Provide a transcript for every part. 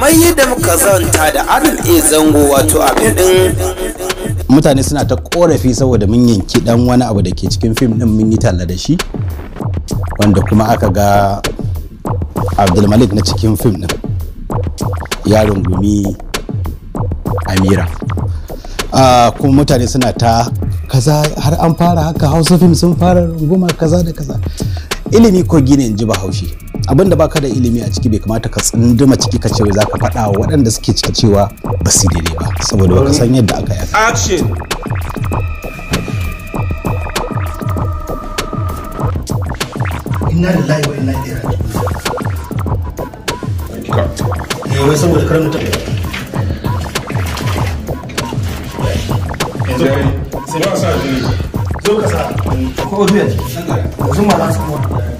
kamar yadda muka zanta da e zango wato a din mutane suna ta korafi saboda mun yanki dan wani abu da ke cikin fim din mun yi talla da shi wanda kuma aka ga abdulmalik na cikin fim din ya rungumi amira kuma mutane suna ta kaza har an fara haka hausa fim sun fara runguma kaza da kaza ilimi ko gine in ji bahaushe abin da baka da ilimi a ciki bai kamata ka tsunduma ciki ka ce za ka faɗa wa waɗanda suke cika cewa ba su daidai ba saboda baka san yadda aka yi action inna lillahi wa inna ilaihi raji'un yau eh, wai saboda kar mutum yanzu da sa jini zo ka sa ko biyan yanzu ma za su kuma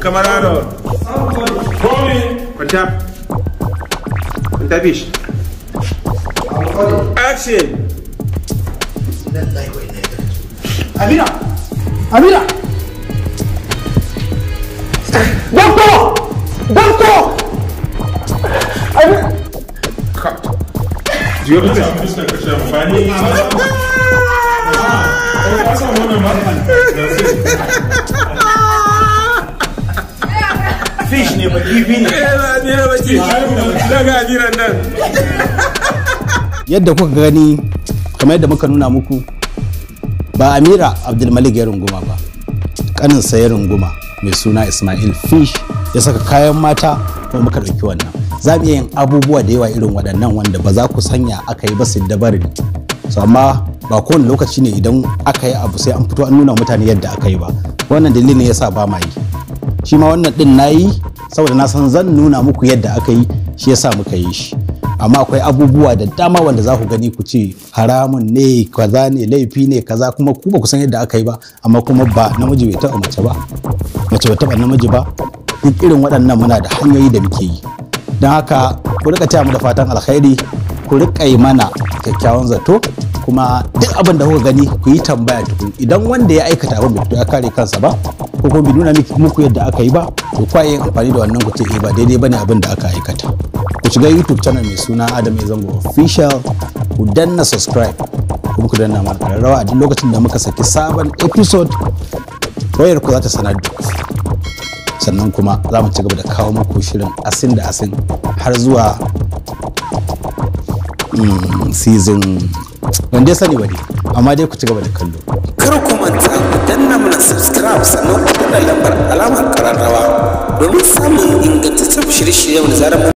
Camarada, come, quanto é? Quanto é bicho? Action! Amina Amina. Doctor! Doctor! Amira! Cut. Do you have to a woman, man. nan. yadda kuka gani kamar yadda muka nuna muku ba amira abdulmalik ya runguma ba kaninsa ya runguma mai suna ismail fish ya saka kayan mata kuma muka ɗauki wannan za mu iya yin abubuwa da yawa irin waɗannan wanda ba za ku sanya aka yi ba su dabarin su amma ba kowane lokaci ne idan aka yi abu sai an fito an nuna mutane yadda aka yi ba wannan dalilin ne yasa ba ma yi shi ma wannan ɗin na yi saboda na san zan nuna muku yadda aka yi shi yasa muka yi shi amma akwai abubuwa da dama wanda za ku gani ku ce haramun ne kaza ne laifi ne kaza kuma ku ba ku san yadda aka yi ba amma kuma ba namiji bai taɓa mace ba mace bai taɓa namiji ba duk irin waɗannan muna da hanyoyi da muke yi don haka ku rika taya mu da fatan alkhairi ku rika yi mana kyakkyawan zato kuma duk abin da kuka gani ku yi tambaya tukun idan wanda ya aikata abin bai ya kare kansa ba ko kuma bai nuna muku yadda aka yi ba to kwaye amfani da wannan ku ce eh, ba daidai bane abin da aka aikata shiga youtube channel mai suna adam Ezango official ku danna subscribe kuma ku danna mana kararrawa a duk lokacin da muka saki sabon episode wayar ku za ta sanar da sannan kuma za mu ci gaba da kawo muku shirin asin da asin har zuwa mm, season wanda ya sani wani amma dai ku ci gaba da kallo kar ku manta ku danna mana subscribe sannan ku danna lambar alamar kararrawa domin samun ingantaccen shirye-shiryen da zarar